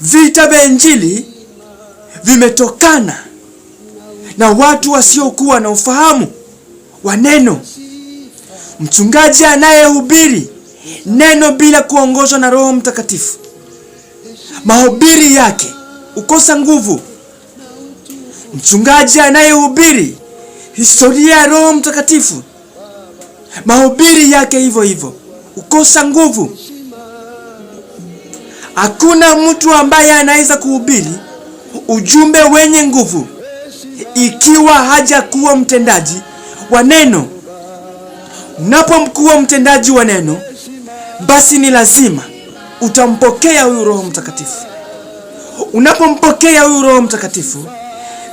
Vita vya Injili vimetokana na watu wasiokuwa na ufahamu wa neno. Mchungaji anayehubiri neno bila kuongozwa na Roho Mtakatifu, mahubiri yake ukosa nguvu. Mchungaji anayehubiri historia ya Roho Mtakatifu, mahubiri yake hivyo hivyo ukosa nguvu. Hakuna mtu ambaye anaweza kuhubiri ujumbe wenye nguvu ikiwa hajakuwa mtendaji wa neno. unapokuwa mtendaji wa neno, basi ni lazima utampokea huyu Roho Mtakatifu. Unapompokea huyu Roho Mtakatifu,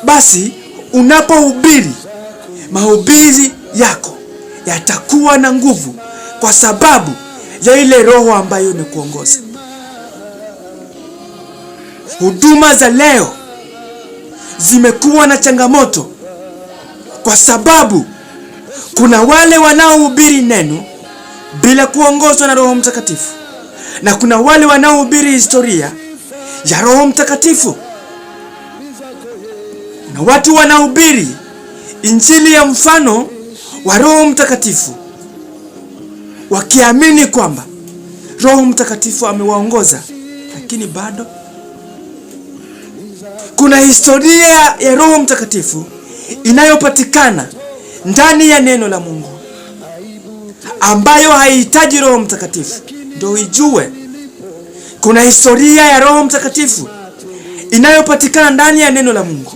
basi unapohubiri, mahubiri yako yatakuwa na nguvu, kwa sababu ya ile Roho ambayo imekuongoza. Huduma za leo zimekuwa na changamoto kwa sababu kuna wale wanaohubiri neno bila kuongozwa na Roho Mtakatifu na kuna wale wanaohubiri historia ya Roho Mtakatifu na watu wanahubiri injili ya mfano wa Roho Mtakatifu wakiamini kwamba Roho Mtakatifu amewaongoza, lakini bado kuna historia ya Roho Mtakatifu inayopatikana ndani ya neno la Mungu ambayo haihitaji Roho Mtakatifu ndio ijue. Kuna historia ya Roho Mtakatifu inayopatikana ndani ya neno la Mungu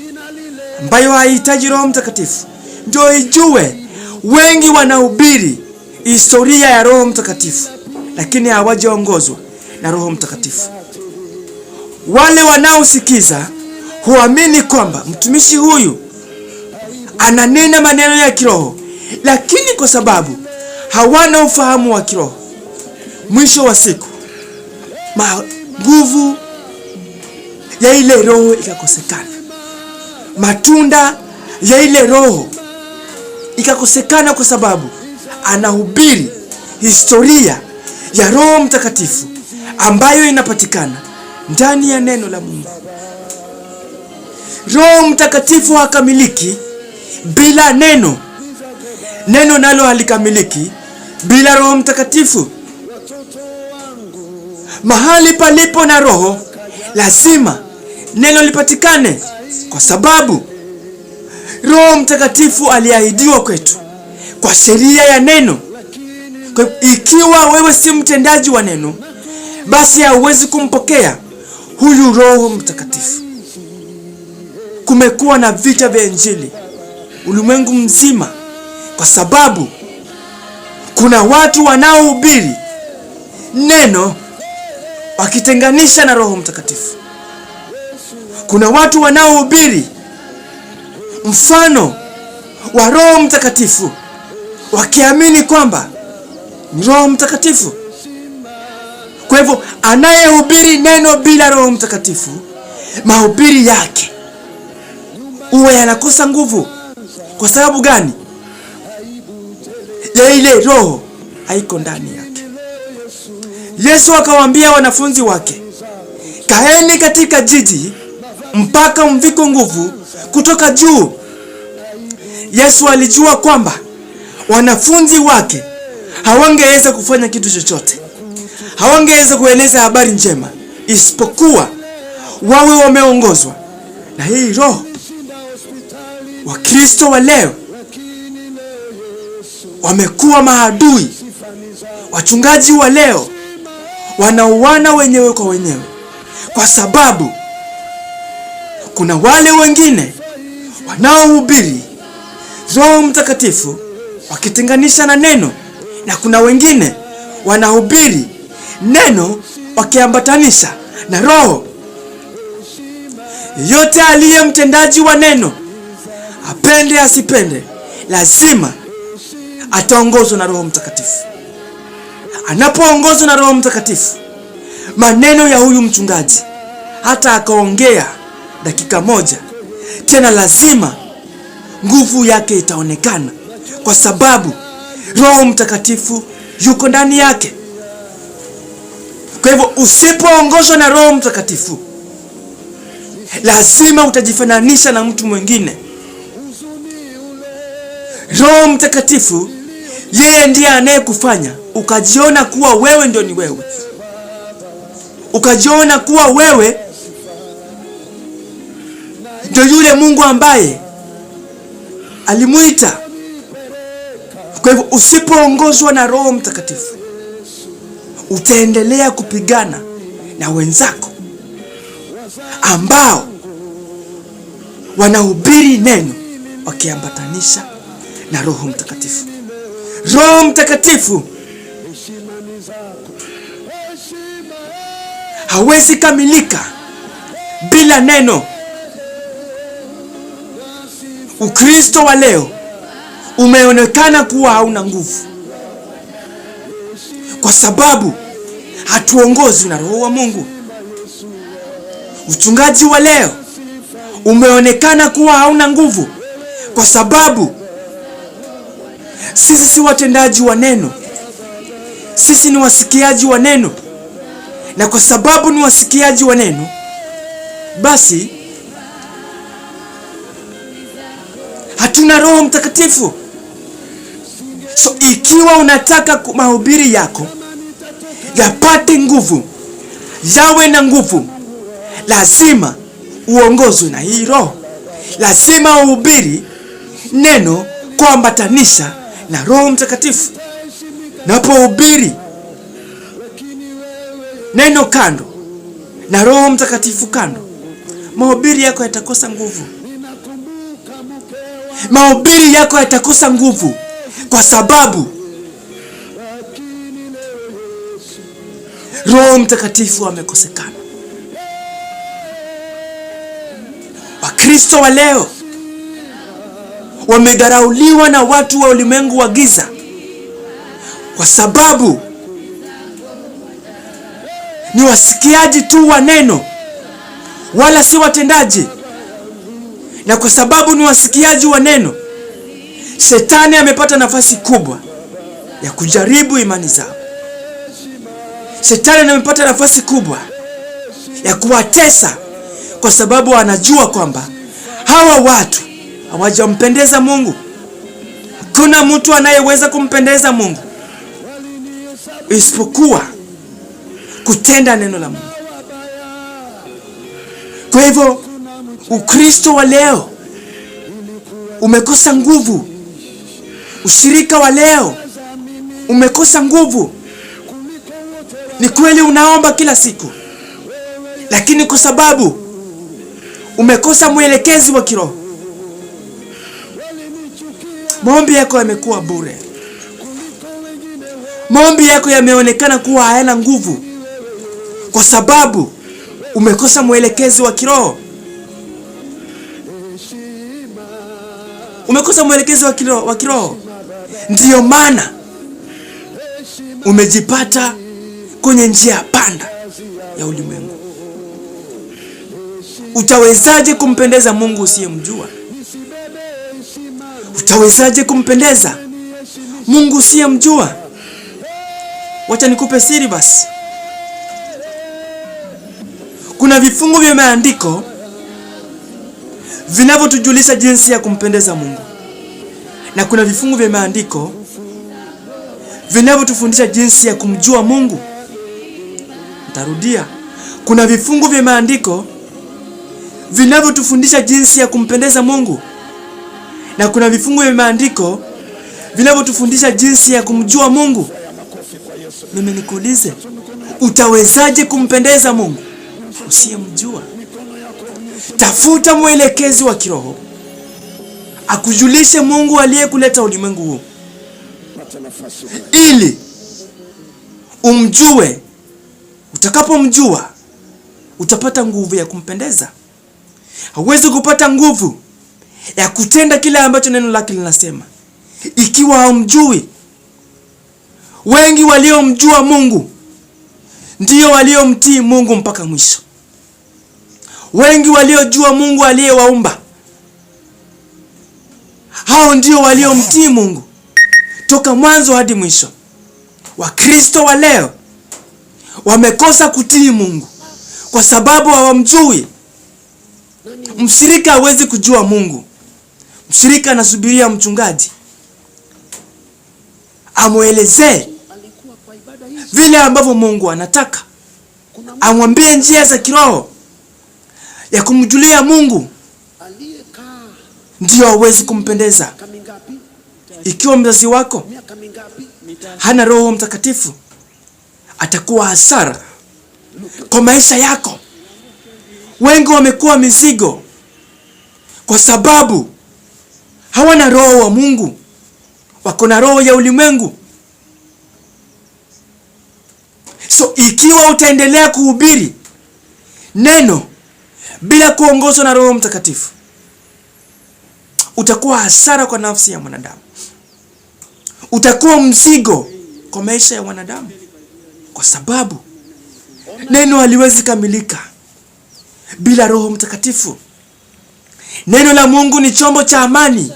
ambayo haihitaji Roho Mtakatifu ndio ijue. Wengi wanahubiri historia ya Roho Mtakatifu lakini hawajaongozwa na Roho Mtakatifu. Wale wanaosikiza huamini kwamba mtumishi huyu ananena maneno ya kiroho, lakini kwa sababu hawana ufahamu wa kiroho, mwisho wa siku nguvu ya ile roho ikakosekana, matunda ya ile roho ikakosekana, kwa sababu anahubiri historia ya Roho Mtakatifu ambayo inapatikana ndani ya neno la Mungu. Roho Mtakatifu hakamiliki bila neno, neno nalo halikamiliki bila Roho Mtakatifu. Mahali palipo na Roho lazima neno lipatikane, kwa sababu Roho Mtakatifu aliahidiwa kwetu kwa sheria ya neno. Kwa ikiwa wewe si mtendaji wa neno, basi hauwezi kumpokea huyu Roho Mtakatifu kumekuwa na vita vya injili ulimwengu mzima, kwa sababu kuna watu wanaohubiri neno wakitenganisha na Roho Mtakatifu. Kuna watu wanaohubiri mfano wa Roho Mtakatifu wakiamini kwamba ni Roho Mtakatifu. Kwa hivyo, anayehubiri neno bila Roho Mtakatifu mahubiri yake huwa yanakosa nguvu. Kwa sababu gani? ya ile roho haiko ndani yake. Yesu akawaambia wanafunzi wake, kaeni katika jiji mpaka mviko nguvu kutoka juu. Yesu alijua kwamba wanafunzi wake hawangeweza kufanya kitu chochote, hawangeweza kueleza habari njema isipokuwa wawe wameongozwa na hii roho Wakristo wa leo wamekuwa maadui. Wachungaji wa leo wanauana wenyewe kwa wenyewe, kwa sababu kuna wale wengine wanaohubiri Roho Mtakatifu wakitenganisha na neno, na kuna wengine wanahubiri neno wakiambatanisha na roho. Yote aliye mtendaji wa neno apende asipende, lazima ataongozwa na Roho Mtakatifu. Anapoongozwa na Roho Mtakatifu, maneno ya huyu mchungaji, hata akaongea dakika moja tena, lazima nguvu yake itaonekana, kwa sababu Roho Mtakatifu yuko ndani yake. Kwa hivyo usipoongozwa na Roho Mtakatifu, lazima utajifananisha na mtu mwingine. Roho Mtakatifu yeye ndiye anayekufanya ukajiona kuwa wewe ndio ni wewe, ukajiona kuwa wewe ndio yule Mungu ambaye alimuita. Kwa hivyo usipoongozwa na Roho Mtakatifu utaendelea kupigana na wenzako ambao wanahubiri neno wakiambatanisha na Roho Mtakatifu. Roho Mtakatifu hawezi kamilika bila neno. Ukristo wa leo umeonekana kuwa hauna nguvu kwa sababu hatuongozwi na Roho wa Mungu. Uchungaji wa leo umeonekana kuwa hauna nguvu kwa sababu sisi si watendaji wa neno, sisi ni wasikiaji wa neno, na kwa sababu ni wasikiaji wa neno, basi hatuna Roho Mtakatifu. So ikiwa unataka mahubiri yako yapate nguvu, yawe na nguvu, lazima uongozwe na hii Roho, lazima uhubiri neno kuambatanisha na Roho Mtakatifu, napohubiri neno kando na Roho Mtakatifu kando, mahubiri yako yatakosa nguvu. Mahubiri yako yatakosa nguvu kwa sababu Roho Mtakatifu amekosekana. Wakristo wa leo wamedharauliwa na watu wa ulimwengu wa giza, kwa sababu ni wasikiaji tu wa neno, wala si watendaji. Na kwa sababu ni wasikiaji wa neno, shetani amepata nafasi kubwa ya kujaribu imani zao. Shetani amepata nafasi kubwa ya kuwatesa, kwa sababu anajua kwamba hawa watu hawajampendeza Mungu. Hakuna mtu anayeweza kumpendeza Mungu isipokuwa kutenda neno la Mungu. Kwa hivyo Ukristo wa leo umekosa nguvu, ushirika wa leo umekosa nguvu. Ni kweli unaomba kila siku, lakini kwa sababu umekosa mwelekezi wa kiroho Maombi yako yamekuwa bure, maombi yako yameonekana kuwa hayana nguvu, kwa sababu umekosa mwelekezi wa kiroho. Umekosa mwelekezi wa kiroho, wa kiroho. Ndiyo maana umejipata kwenye njia ya panda ya ulimwengu. Utawezaje kumpendeza Mungu usiyemjua? Utawezaje kumpendeza Mungu usiyemjua? Wacha nikupe siri basi. Kuna vifungu vya maandiko vinavyotujulisha jinsi ya kumpendeza Mungu na kuna vifungu vya maandiko vinavyotufundisha jinsi ya kumjua Mungu. Ntarudia, kuna vifungu vya maandiko vinavyotufundisha jinsi ya kumpendeza Mungu na kuna vifungu vya maandiko vinavyotufundisha jinsi ya kumjua Mungu. Mimi nikuulize, utawezaje kumpendeza Mungu usiyemjua? Tafuta mwelekezi wa kiroho akujulishe Mungu aliyekuleta ulimwengu huu ili umjue. Utakapomjua utapata nguvu ya kumpendeza. Hauwezi kupata nguvu ya kutenda kile ambacho neno lake linasema. Ikiwa hamjui, wengi waliomjua Mungu ndio waliomtii Mungu mpaka mwisho. Wengi waliojua Mungu aliyewaumba hao ndio waliomtii Mungu toka mwanzo hadi mwisho. Wakristo wa leo wamekosa kutii Mungu kwa sababu hawamjui. Mshirika hawezi kujua Mungu Mshirika anasubiria mchungaji amwelezee vile ambavyo Mungu anataka, amwambie njia za kiroho ya kumjulia Mungu ndio hawezi kumpendeza. Ikiwa mzazi wako hana Roho Mtakatifu, atakuwa hasara kwa maisha yako. Wengi wamekuwa mizigo kwa sababu hawana roho wa Mungu, wako na roho ya ulimwengu. So ikiwa utaendelea kuhubiri neno bila kuongozwa na Roho Mtakatifu, utakuwa hasara kwa nafsi ya mwanadamu, utakuwa mzigo kwa maisha ya mwanadamu, kwa sababu neno haliwezi kamilika bila Roho Mtakatifu. Neno la Mungu ni chombo cha amani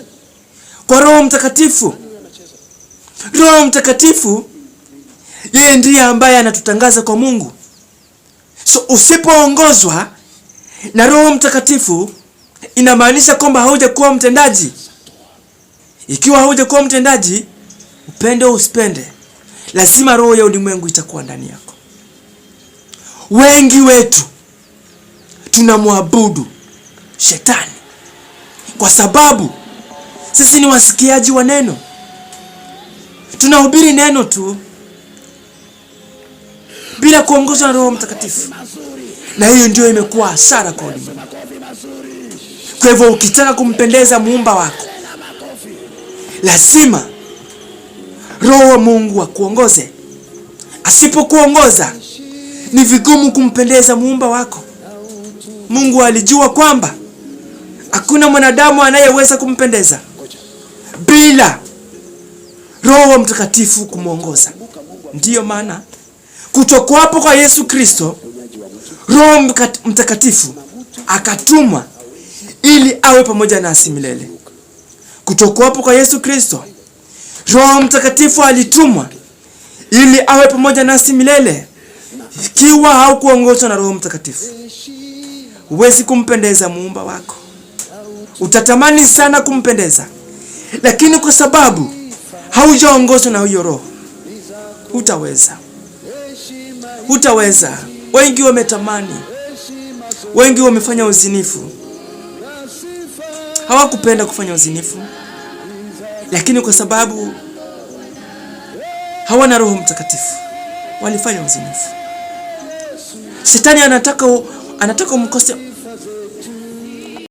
kwa Roho Mtakatifu. Roho Mtakatifu yeye ndiye ambaye anatutangaza kwa Mungu. So usipoongozwa na Roho Mtakatifu inamaanisha kwamba haujakuwa mtendaji. Ikiwa haujakuwa mtendaji, upende usipende, lazima roho ya ulimwengu itakuwa ndani yako. Wengi wetu tunamwabudu shetani kwa sababu sisi ni wasikiaji wa neno, tunahubiri neno tu bila kuongozwa na Roho Mtakatifu, na hiyo ndio imekuwa hasara kwa ulimwengu. Kwa hivyo ukitaka kumpendeza muumba wako, lazima Roho wa Mungu akuongoze. Asipokuongoza ni vigumu kumpendeza muumba wako. Mungu alijua kwamba Hakuna mwanadamu anayeweza kumpendeza bila Roho Mtakatifu kumwongoza. Ndiyo maana kutokwapo kwa Yesu Kristo, Roho Mtakatifu akatumwa ili awe pamoja nasi milele. Kutokwapo kwa Yesu Kristo, Roho Mtakatifu alitumwa ili awe pamoja nasi milele. Ikiwa haukuongozwa na Roho Mtakatifu, huwezi kumpendeza muumba wako. Utatamani sana kumpendeza, lakini kwa sababu haujaongozwa na huyo Roho hutaweza, hutaweza. Wengi wametamani, wengi wamefanya uzinifu, hawakupenda kufanya uzinifu, lakini kwa sababu hawana Roho Mtakatifu walifanya uzinifu. Shetani anataka anataka umkose